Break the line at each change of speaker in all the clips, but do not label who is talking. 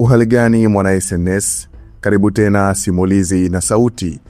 Uhaligani mwana SNS, karibu tena Simulizi na Sauti.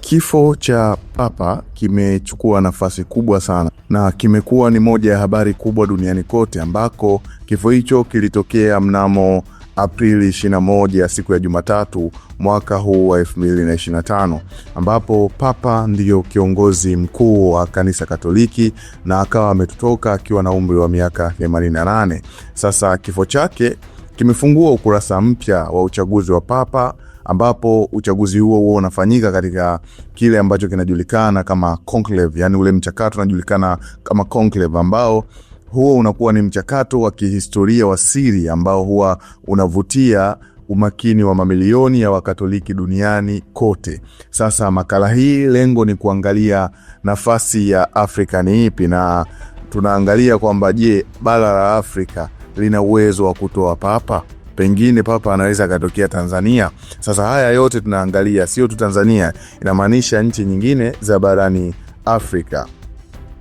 Kifo cha Papa kimechukua nafasi kubwa sana na kimekuwa ni moja ya habari kubwa duniani kote, ambako kifo hicho kilitokea mnamo Aprili 21 siku ya Jumatatu mwaka huu wa 2025, ambapo Papa ndiyo kiongozi mkuu wa kanisa Katoliki na akawa ametotoka akiwa na umri wa miaka 88. Sasa kifo chake kimefungua ukurasa mpya wa uchaguzi wa Papa ambapo uchaguzi huo huo unafanyika katika kile ambacho kinajulikana kama conclave, yani ule mchakato unajulikana kama conclave ambao huo unakuwa ni mchakato wa kihistoria wa siri ambao huwa unavutia umakini wa mamilioni ya Wakatoliki duniani kote. Sasa makala hii lengo ni kuangalia nafasi ya Afrika ni ipi, na tunaangalia kwamba je, bara la Afrika lina uwezo wa kutoa papa pengine papa anaweza akatokea Tanzania. Sasa haya yote tunaangalia, sio tu Tanzania, inamaanisha nchi nyingine za barani Afrika.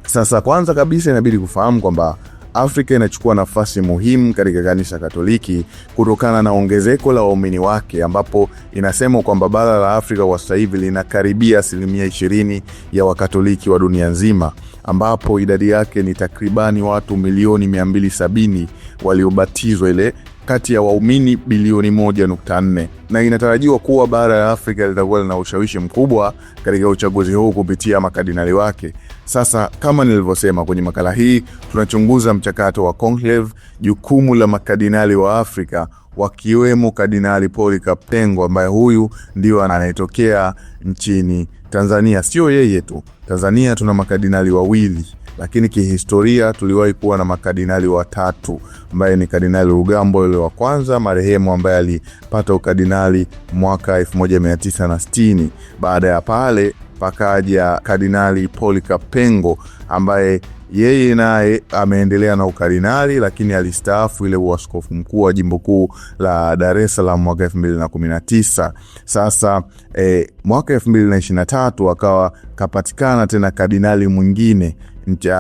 Sasa kwanza kabisa inabidi kufahamu kwamba Afrika inachukua nafasi muhimu katika kanisa Katoliki kutokana na ongezeko la waumini wake, ambapo inasemwa kwamba bara la Afrika kwa sasa hivi linakaribia asilimia 20 ya Wakatoliki wa dunia nzima, ambapo idadi yake ni takribani watu milioni 270 waliobatizwa ile kati ya waumini bilioni 1.4 na inatarajiwa kuwa bara la Afrika litakuwa lina ushawishi mkubwa katika uchaguzi huu kupitia makadinali wake. Sasa kama nilivyosema kwenye makala hii, tunachunguza mchakato wa conclave, jukumu la makadinali wa Afrika wakiwemo Kardinali Polycarp Pengo ambaye huyu ndio anayetokea nchini Tanzania. Sio yeye tu, Tanzania tuna makadinali wawili, lakini kihistoria tuliwahi kuwa na makadinali watatu, ambaye ni Kardinali Rugambwa yule wa kwanza marehemu, ambaye alipata ukadinali mwaka 1960. Baada ya pale pakaja Kardinali Polycarp Pengo ambaye yeye naye ameendelea na ukardinali lakini alistaafu ile uaskofu mkuu wa jimbo kuu la Dar es Salaam mwaka elfu mbili na kumi na tisa. Sasa eh, mwaka elfu mbili na ishirini na tatu akawa kapatikana tena kardinali mwingine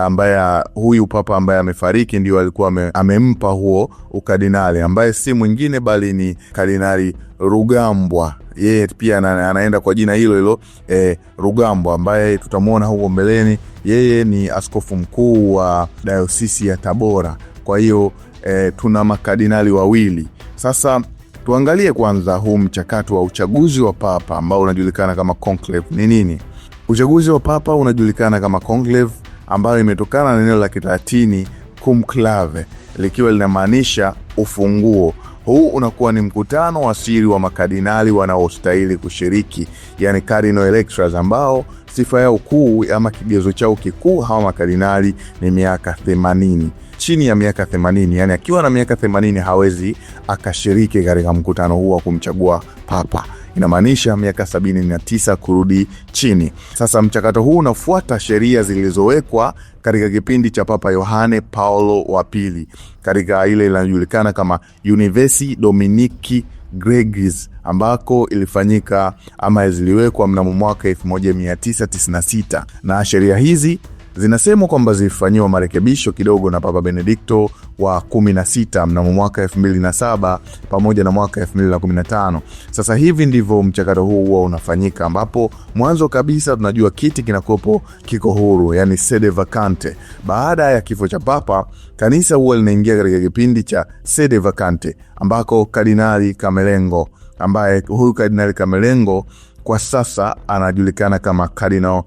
ambaye huyu papa ambaye amefariki ndio alikuwa ame, amempa huo ukadinali ambaye si mwingine bali ni Kardinali Rugambwa. Yeye pia anaenda kwa jina hilo hilo e, Rugambwa ambaye tutamwona huko mbeleni. Yeye ni askofu mkuu wa dayosisi ya Tabora. Kwa hiyo e, tuna makadinali wawili sasa. Tuangalie kwanza huu mchakato wa uchaguzi wa papa ambao unajulikana kama conclave ni nini. Uchaguzi wa papa unajulikana kama conclave ambayo imetokana na neno la Kilatini kumklave likiwa linamaanisha ufunguo. Huu unakuwa ni mkutano wa siri wa makardinali wanaostahili kushiriki, yani cardinal electors, ambao sifa yao kuu ama kigezo chao kikuu hawa makardinali ni miaka 80 chini ya miaka 80, yani akiwa na miaka 80 hawezi akashiriki katika mkutano huu wa kumchagua papa inamaanisha miaka 79 kurudi chini. Sasa mchakato huu unafuata sheria zilizowekwa katika kipindi cha Papa Yohane Paulo wa Pili katika ile inayojulikana kama Universi Dominici Gregis ambako ilifanyika ama ziliwekwa mnamo mwaka 1996 na sheria hizi zinasemwa kwamba zilifanyiwa marekebisho kidogo na Papa Benedikto wa 16 mnamo mwaka 2007 pamoja na mwaka 2015. Sasa hivi ndivyo mchakato huu huwa unafanyika, ambapo mwanzo kabisa tunajua kiti kinakuwepo kiko huru, yani sede vacante. Baada ya kifo cha Papa, kanisa huwa linaingia katika kipindi cha sede vacante, ambako Kardinali Kamelengo ambaye huyu Kardinali Kamelengo kwa sasa anajulikana kama Kardinal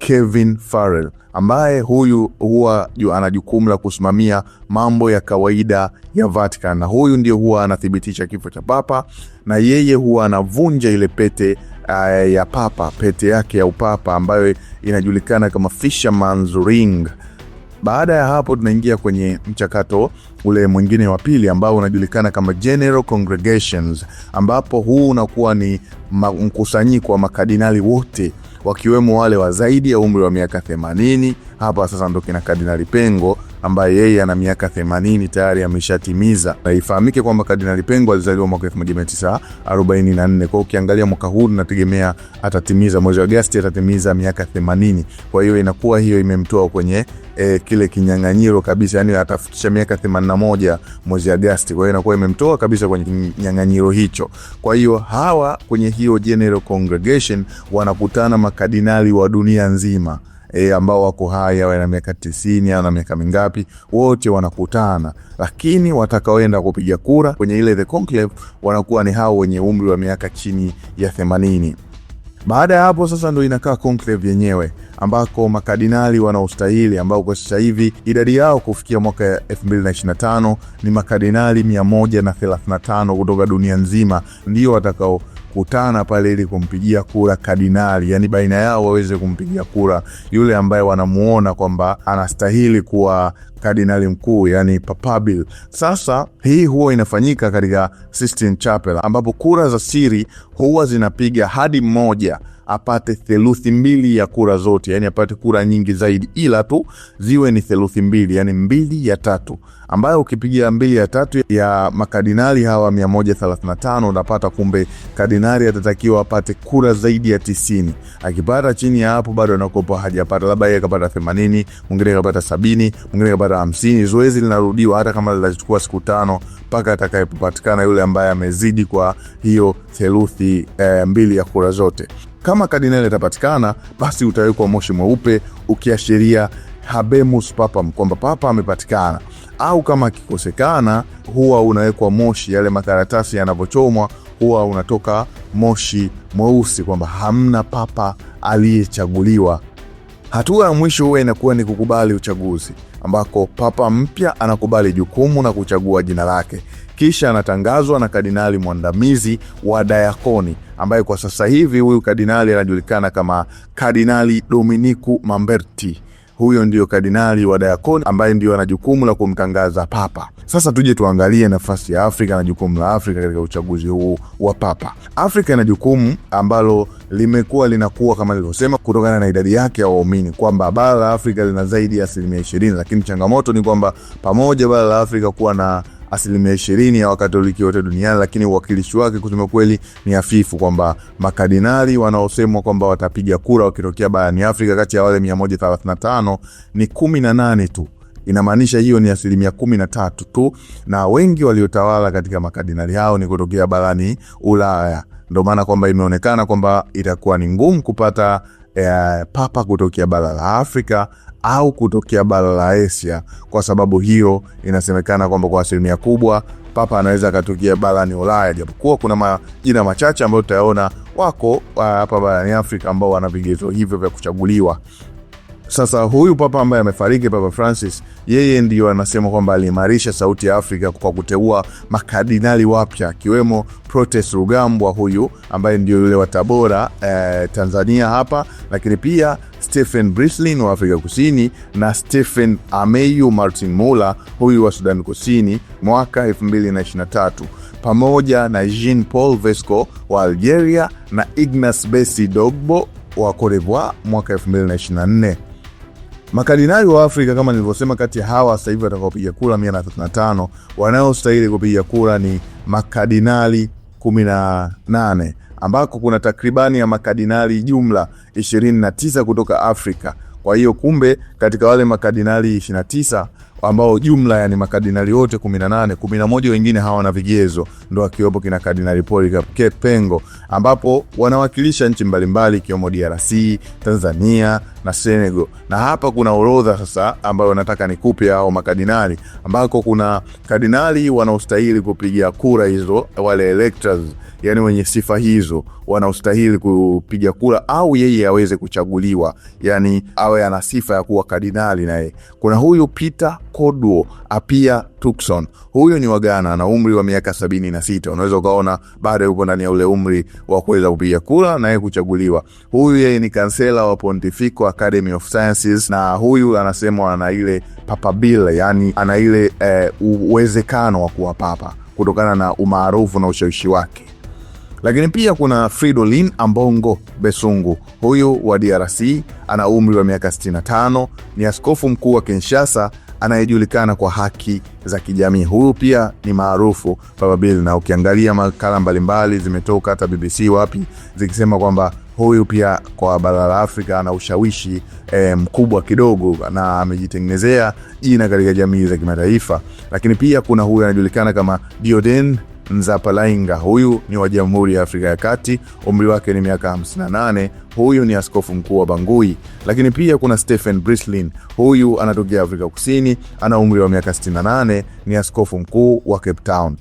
Kevin Farrell ambaye huyu huwa ana jukumu la kusimamia mambo ya kawaida ya Vatican, na huyu ndio huwa anathibitisha kifo cha papa, na yeye huwa anavunja ile pete uh, ya papa, pete yake ya upapa ambayo inajulikana kama Fisherman's Ring. Baada ya hapo tunaingia kwenye mchakato ule mwingine wa pili ambao unajulikana kama General Congregations, ambapo huu unakuwa ni mkusanyiko wa makadinali wote wakiwemo wale wa zaidi ya umri wa miaka 80. Hapa sasa ndo kina Kardinali Pengo ambaye yeye ana miaka 80 tayari ameshatimiza. Na ifahamike kwamba Kardinali Pengo alizaliwa mwaka 1944. Kwa hiyo ukiangalia mwaka huu tunategemea atatimiza mwezi wa Agosti atatimiza miaka 80. Kwa hiyo inakuwa hiyo imemtoa kwenye e, kile kinyang'anyiro kabisa, Yaani atafikisha miaka 81 mwezi wa Agosti. Kwa hiyo inakuwa imemtoa kabisa kwenye kinyang'anyiro hicho. Kwa hiyo hawa kwenye hiyo General Congregation wanakutana makadinali wa dunia nzima e, ambao wako hai awe na miaka tisini au na miaka mingapi, wote wanakutana, lakini watakaoenda kupiga kura kwenye ile the conclave wanakuwa ni hao wenye umri wa miaka chini ya themanini. Baada ya hapo sasa ndo inakaa conclave yenyewe ambako makadinali wanaostahili ambao kwa sasa hivi idadi yao kufikia mwaka 2025 ni makadinali 135 kutoka dunia nzima ndio watakao kutana pale ili kumpigia kura kardinali, yani baina yao waweze kumpigia kura yule ambaye wanamuona kwamba anastahili kuwa kardinali mkuu, yani papabil. Sasa hii huwa inafanyika katika Sistine Chapel, ambapo kura za siri huwa zinapiga hadi mmoja apate theluthi mbili ya kura zote, yani apate kura nyingi zaidi, ila tu ziwe ni theluthi mbili, yani mbili ya tatu, ambayo ukipigia mbili ya tatu ya makardinali hawa 135 unapata. Kumbe kardinali atatakiwa apate kura zaidi ya tisini. Akipata chini ya hapo, bado anakopa hajapata, labda yeye akapata 80, mwingine akapata 70, mwingine akapata mara hamsini. Zoezi linarudiwa hata kama litachukua siku tano mpaka atakayepatikana yule ambaye amezidi kwa hiyo theluthi eh, mbili ya kura zote. Kama kardinali atapatikana, basi utawekwa moshi mweupe ukiashiria habemus papam, kwamba papa amepatikana, au kama akikosekana, huwa unawekwa moshi, yale makaratasi yanavyochomwa huwa unatoka moshi mweusi kwamba hamna papa aliyechaguliwa Hatua ya mwisho huwa inakuwa ni kukubali uchaguzi, ambako papa mpya anakubali jukumu na kuchagua jina lake, kisha anatangazwa na kardinali mwandamizi wa dayakoni, ambaye kwa sasa hivi huyu kardinali anajulikana kama Kardinali Dominiku Mamberti. Huyo ndio kardinali wa dayakoni ambaye ndio ana jukumu la kumtangaza papa. Sasa tuje tuangalie nafasi ya Afrika na jukumu la Afrika katika uchaguzi huu wa papa. Afrika ina jukumu ambalo limekuwa linakuwa kama nilivyosema, kutokana na idadi yake ya waumini, kwamba bara la Afrika lina zaidi ya asilimia ishirini, lakini changamoto ni kwamba pamoja bara la Afrika kuwa na asilimia ishirini ya Wakatoliki wote duniani, lakini uwakilishi wake kusema kweli ni hafifu, kwamba makadinali wanaosemwa kwamba watapiga kura wakitokea barani Afrika kati ya wale 135 ni 18 tu inamaanisha hiyo ni asilimia kumi na tatu tu, na wengi waliotawala katika makadinali hao ni kutokea barani Ulaya. Ndo maana kwamba imeonekana kwamba itakuwa ni ngumu kupata eh, papa kutokea bara la Afrika au kutokea bara la Asia. Kwa sababu hiyo, inasemekana kwamba kwa asilimia kubwa papa anaweza akatokea barani Ulaya, japokuwa kuna majina machache ambayo tutayaona wako eh, hapa barani Afrika ambao wana vigezo hivyo vya kuchaguliwa. Sasa huyu papa ambaye amefariki, Papa Francis, yeye ndiyo anasema kwamba aliimarisha sauti ya Afrika kwa kuteua makardinali wapya akiwemo Protes Rugambwa huyu ambaye ndio yule wa Tabora eh, Tanzania hapa, lakini pia Stephen Brislin wa Afrika Kusini na Stephen Ameyu Martin Mula huyu wa Sudan Kusini mwaka 2023 pamoja na Jean Paul Vesco wa Algeria na Ignas Besi Dogbo wa Cote d'Ivoire mwaka 2024. Makardinali wa Afrika kama nilivyosema, kati ya hawa sasa hivi watakaopiga kura 135 wanaostahili kupiga kura ni makardinali 18 ambako kuna takribani ya makardinali jumla 29 kutoka Afrika. Kwa hiyo kumbe, katika wale makardinali 29 ambao jumla yani makadinali wote 18, 11 wengine hawana vigezo, ndo akiwepo kina Kardinali Polycarp Pengo, ambapo wanawakilisha nchi mbalimbali ikiwemo DRC, Tanzania na Senegal. Na hapa kuna orodha sasa ambayo nataka nikupe hao makadinali ambako kuna kadinali wanaostahili kupiga kura hizo, wale electors yani wenye sifa hizo wanaostahili kupiga kura au yeye aweze kuchaguliwa, yani awe ana sifa ya kuwa kardinali. Naye kuna huyu Peter Kodwo Apia Tukson. Huyu ni wa Ghana na umri wa miaka sabini na sita. Unaweza ukaona bado yupo ndani ya ule umri wa kuweza kupiga kura na yeye kuchaguliwa. Huyu yeye ni kansela wa Pontifical Academy of Sciences, na huyu anasemwa ana ile papabile, yani ana ile eh, uwezekano wa kuwa papa kutokana na umaarufu na ushawishi wake lakini pia kuna Fridolin Ambongo Besungu, huyu wa DRC ana umri wa miaka 65, ni askofu mkuu wa Kinshasa anayejulikana kwa haki za kijamii. Huyu pia ni maarufu Baba Bill, na ukiangalia makala mbalimbali zimetoka hata BBC wapi zikisema kwamba huyu pia kwa bara la Afrika ana ushawishi eh, mkubwa kidogo na amejitengenezea jina katika jamii za kimataifa. Lakini pia kuna huyu anajulikana kama Dioden Nzapalainga, huyu ni wa Jamhuri ya Afrika ya Kati, umri wake ni miaka 58. Huyu ni askofu mkuu wa Bangui. Lakini pia kuna Stephen Brislin, huyu anatokea Afrika Kusini, ana umri wa miaka 68, ni askofu mkuu wa Cape Town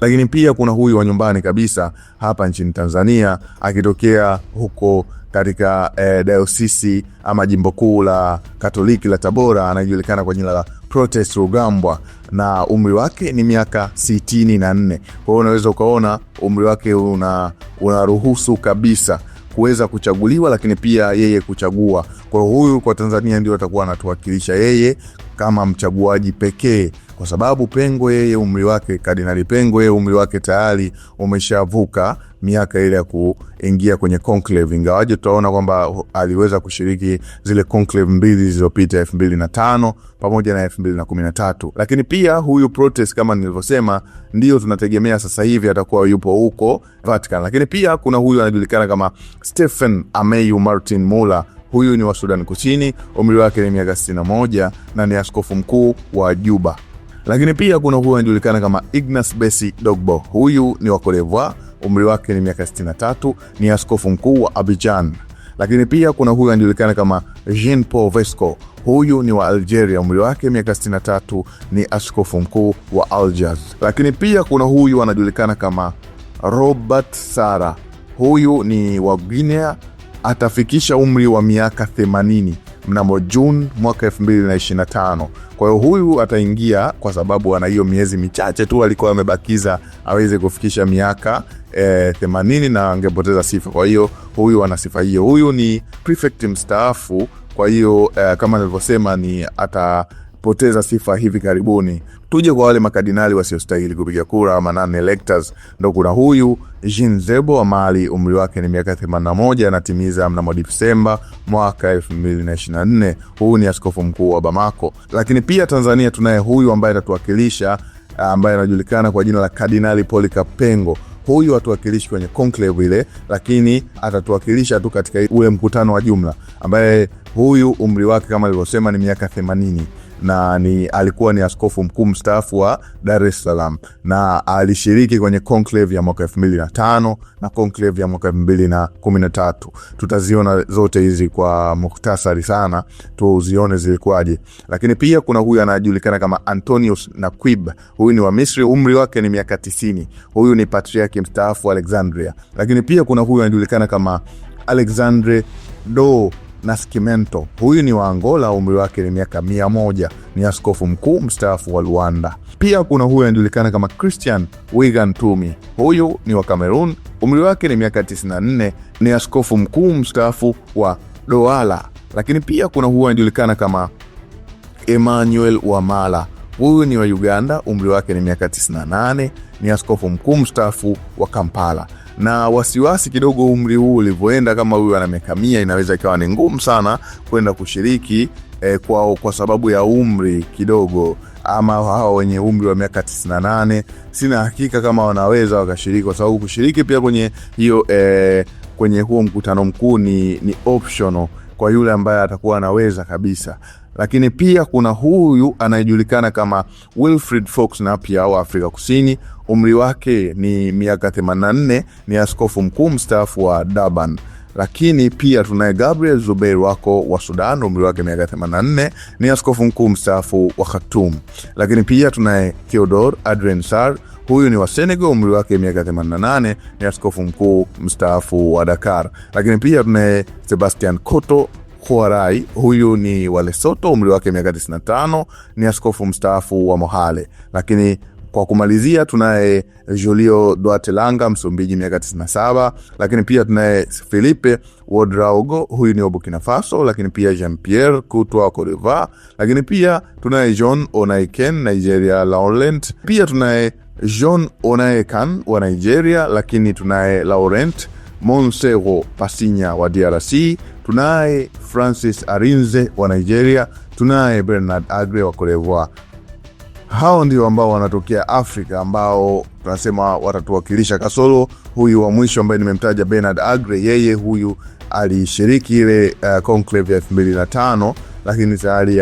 lakini pia kuna huyu wa nyumbani kabisa hapa nchini Tanzania akitokea huko katika e, eh, diosisi ama jimbo kuu la Katoliki la Tabora, anajulikana kwa jina la Protest Rugambwa na umri wake ni miaka 64. na nne. Kwa hiyo unaweza ukaona umri wake una unaruhusu kabisa kuweza kuchaguliwa, lakini pia yeye kuchagua. Kwa hiyo huyu kwa Tanzania ndio atakuwa anatuwakilisha yeye kama mchaguaji pekee kwa sababu Pengo yeye umri wake, Kardinali Pengo yeye umri wake tayari umeshavuka miaka ile ya kuingia kwenye conclave, ingawaje tutaona kwamba aliweza kushiriki zile conclave mbili zilizopita elfu mbili na tano pamoja na elfu mbili na kumi na tatu Lakini pia huyu protest kama nilivyosema, ndio tunategemea sasa hivi atakuwa yupo huko Vatican. Lakini pia kuna huyu anajulikana kama Stephen Ameyu Martin Muller huyu ni wa Sudan Kusini, umri wake ni miaka 61 na ni askofu mkuu wa Juba. Lakini pia kuna huyu anajulikana kama Ignas besi Dogbo. Huyu ni wa Cote d'Ivoire, umri wake ni miaka 63, ni askofu mkuu wa Abidjan. Lakini pia kuna huyu anajulikana kama Jean Paul Vesco. Huyu ni wa Algeria, umri wake miaka 63, ni askofu mkuu wa Algiers. Lakini pia kuna huyu anajulikana kama Robert Sara. Huyu ni wa Guinea, atafikisha umri wa miaka 80 mnamo Juni mwaka 2025. Kwa hiyo huyu ataingia kwa sababu ana hiyo miezi michache tu alikuwa amebakiza aweze kufikisha miaka e, eh, 80 na angepoteza sifa. Kwa hiyo huyu ana sifa hiyo. Huyu ni prefect mstaafu, kwa hiyo e, kama nilivyosema ni ata kupoteza sifa hivi karibuni. Tuje kwa wale makadinali wasiostahili kupiga kura ama non electors, ndo kuna huyu Jean Zebo wa Mali, umri wake ni miaka 81, anatimiza mnamo Disemba mwaka 2024. Huyu ni askofu mkuu wa Bamako. Lakini pia Tanzania tunaye huyu ambaye atatuwakilisha ambaye anajulikana kwa jina la Kardinali Polycarp Pengo. Huyu hatuwakilishi kwenye conclave ile, lakini atatuwakilisha tu katika ule mkutano wa jumla, ambaye huyu umri wake kama alivyosema ni miaka 80 na ni, alikuwa ni askofu mkuu mstaafu wa Dar es Salaam na alishiriki kwenye conclave ya mwaka 2005 na na conclave ya mwaka 2013. Tutaziona zote hizi kwa muktasari sana tu uzione zilikuwaje, lakini pia kuna huyu anajulikana kama Antonius Nakwib. Huyu ni wa Misri, umri wake ni miaka 90. Huyu ni patriarki mstaafu wa Alexandria, lakini pia kuna huyu anajulikana kama Alexandre do Nascimento. Huyu ni wa Angola, umri wake ni miaka mia moja. Ni askofu mkuu mstaafu wa Luanda. Pia kuna huyu anajulikana kama Christian Wigan Tumi. Huyu ni wa Cameroon, umri wake ni miaka 94. Ni askofu mkuu mstaafu wa Douala. Lakini pia kuna huyu anajulikana kama Emmanuel Wamala. Huyu ni wa Uganda, umri wake ni miaka 98. Ni askofu mkuu mstaafu wa Kampala na wasiwasi kidogo umri huu ulivyoenda, kama huyu ana miaka mia, inaweza ikawa ni ngumu sana kwenda kushiriki eh, kwa, kwa sababu ya umri kidogo ama hawa wenye umri wa miaka 98 sina hakika kama wanaweza wakashiriki, kwa sababu kushiriki pia kwenye hiyo eh, kwenye huo mkutano mkuu ni, ni optional kwa yule ambaye atakuwa anaweza kabisa lakini pia kuna huyu anayejulikana kama Wilfred Fox Foxnapp wa Afrika Kusini, umri wake ni miaka 84, ni askofu mkuu mstaafu wa Durban lakini pia tunaye Gabriel Zubeir wako wa Sudan, umri wake miaka 84, ni askofu mkuu mstaafu wa Khartoum. Lakini pia tunaye Theodor Adrien Sar, huyu ni wa Senegal, umri wake miaka 88, ni askofu mkuu mstaafu wa Dakar. Lakini pia tunaye Sebastian Coto Kuarai, huyu ni wa Lesotho, umri wake miaka 95, ni askofu mstaafu wa Mohale. Lakini kwa kumalizia, tunaye Julio Duarte Langa, Msumbiji, miaka 97, lakini pia tunaye Filipe Wodraogo, huyu ni wa Burkina Faso, lakini pia Jean Pierre Kutwa wa Cote d'Ivoire, lakini pia tunaye John Onaiken, Nigeria Laurent, pia tunaye John Onaekan wa Nigeria, lakini tunaye Laurent Monsego Pasinya wa DRC, tunaye Francis Arinze wa Nigeria, tunaye Bernard Agre wa Cote d'Ivoire. Hao ndio ambao wanatokea Afrika ambao tunasema watatuwakilisha, kasoro huyu wa mwisho ambaye nimemtaja Bernard Agre, yeye huyu alishiriki ile uh, conclave ya 2005 lakini tayari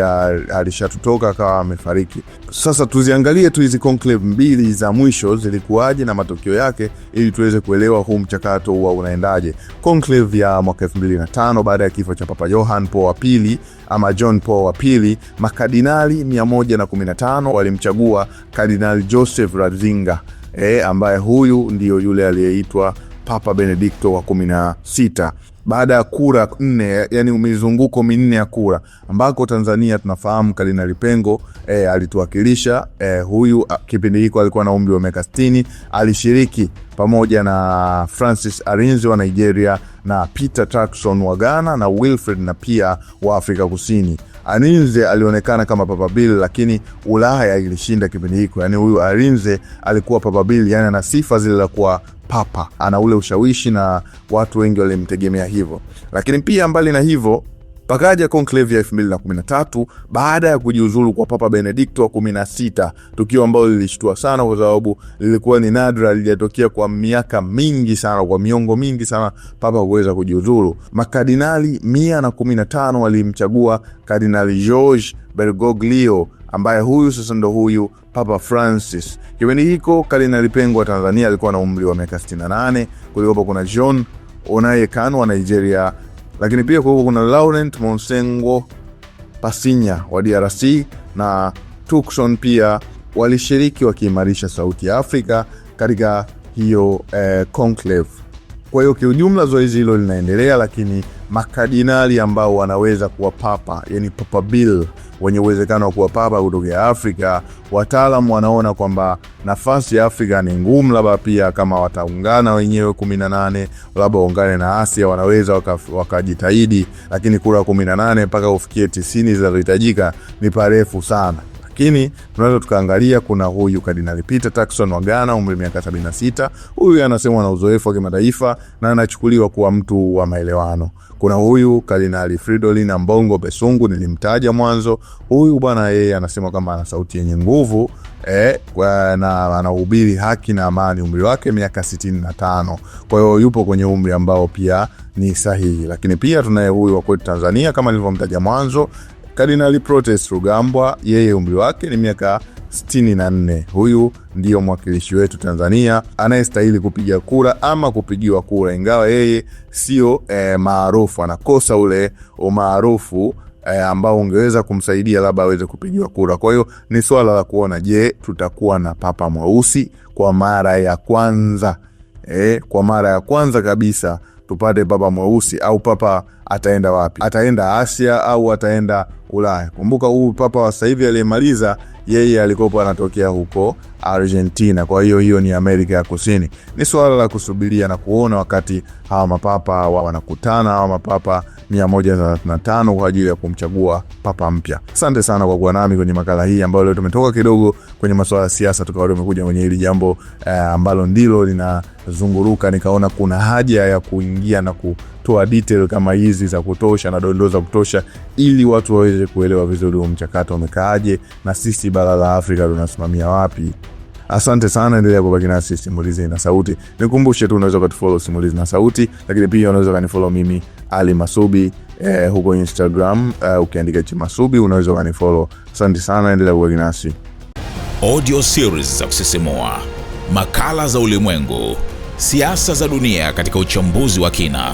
alishatutoka akawa amefariki. Sasa tuziangalie tu hizi conclave mbili za mwisho zilikuwaje na matokeo yake, ili tuweze kuelewa huu mchakato huwa unaendaje. Conclave ya mwaka 2005 baada ya kifo cha Papa Johann Paul wa pili ama John Paul wa pili, makadinali 115 walimchagua Kardinali Joseph Ratzinger eh, ambaye huyu ndiyo yule aliyeitwa Papa Benedikto wa 16 baada ya kura nne, yani mizunguko minne ya kura, ambako Tanzania tunafahamu Kardinali Pengo e, eh, alituwakilisha e, huyu ah, kipindi hiko alikuwa na umri wa miaka 60, alishiriki pamoja na Francis Arinze wa Nigeria na Peter Turkson wa Ghana na Wilfred na pia wa Afrika Kusini. Arinze alionekana kama Papa Bill, lakini Ulaya ilishinda kipindi hiko. Yani huyu Arinze alikuwa Papa Bill, yani ana sifa zile za kuwa papa, ana ule ushawishi na watu wengi walimtegemea hivyo. Lakini pia mbali na hivyo pakaja conclave ya 2013 baada ya kujiuzulu kwa Papa Benedikto wa 16, tukio ambalo lilishtua sana kwa sababu lilikuwa ni nadra, lilijatokea kwa miaka mingi sana, kwa miongo mingi sana papa kuweza kujiuzulu. Makardinali 115 walimchagua Kardinali George Bergoglio ambaye huyu sasa ndo huyu Papa Francis. Kipindi hiko Kardinali Pengo wa Tanzania alikuwa na umri wa miaka 68. Kulikuwa kuna John Onayekano wa Nigeria, lakini pia kulikuwa kuna Laurent Monsengo Pasinya wa DRC na Tukson pia walishiriki wakiimarisha sauti ya Afrika katika hiyo eh, conclave. Kwa hiyo kiujumla zoezi hilo linaendelea, lakini makadinali ambao wanaweza kuwa papa, yani papa bill wenye uwezekano wa kuwa papa kutokea Afrika. Wataalamu wanaona kwamba nafasi ya Afrika ni ngumu, labda pia kama wataungana wenyewe kumi na nane, labda waungane na Asia wanaweza wakajitahidi waka, lakini kura kumi na nane mpaka ufikie tisini zinazohitajika ni parefu sana. Lakini tunaweza tukaangalia, kuna huyu Kardinali Peter Turkson wa Ghana, umri miaka 76. Huyu anasemwa na uzoefu wa kimataifa na anachukuliwa kuwa mtu wa maelewano. Kuna huyu Kardinali Fridolin Ambongo Besungu nilimtaja mwanzo. Huyu bwana yeye anasema kwamba ana sauti yenye nguvu eh, na anahubiri haki na amani. Umri wake miaka 65, kwa hiyo yupo kwenye umri ambao pia ni sahihi. Lakini pia tunaye huyu wa kwetu Tanzania kama nilivyomtaja mwanzo Kardinali Protest Rugambwa, yeye umri wake ni miaka 64. Huyu ndiyo mwakilishi wetu Tanzania anayestahili kupiga kura ama kupigiwa kura, ingawa yeye sio e, maarufu, anakosa ule umaarufu e, ambao ungeweza kumsaidia labda aweze kupigiwa kura. Kwa hiyo ni swala la kuona, je, tutakuwa na papa mweusi kwa mara ya kwanza e, kwa mara ya kwanza kabisa tupate papa mweusi au papa ataenda wapi? Ataenda Asia au ataenda Ulaya? Kumbuka huu papa wa sasa hivi aliyemaliza, yeye alikopo anatokea huko Argentina, kwa hiyo hiyo ni Amerika ya Kusini. Ni suala la kusubiria na kuona wakati hawa mapapa wanakutana, hawa mapapa 135 kwa ajili ya kumchagua papa mpya. Asante sana kwa kuwa nami kwenye makala hii ambayo leo tumetoka kidogo kwenye masuala ya siasa, tukawa tumekuja kwenye hili jambo eh, ambalo ndilo linazunguruka, nikaona kuna haja ya kuingia na ku kutoa detail kama hizi za kutosha na dondoo za kutosha, ili watu waweze kuelewa vizuri huo mchakato umekaaje na sisi bara la Afrika tunasimamia wapi. Asante sana, endelea kubaki nasi Simulizi na Sauti. Nikumbushe tu unaweza ukatufollow Simulizi na Sauti, lakini pia unaweza ukanifollow mimi Ali Masubi eh, huko Instagram eh, ukiandika Chi Masubi unaweza ukanifollow. Asante sana, endelea kubaki nasi. Audio series za kusisimua, makala za ulimwengu, siasa za dunia katika uchambuzi wa kina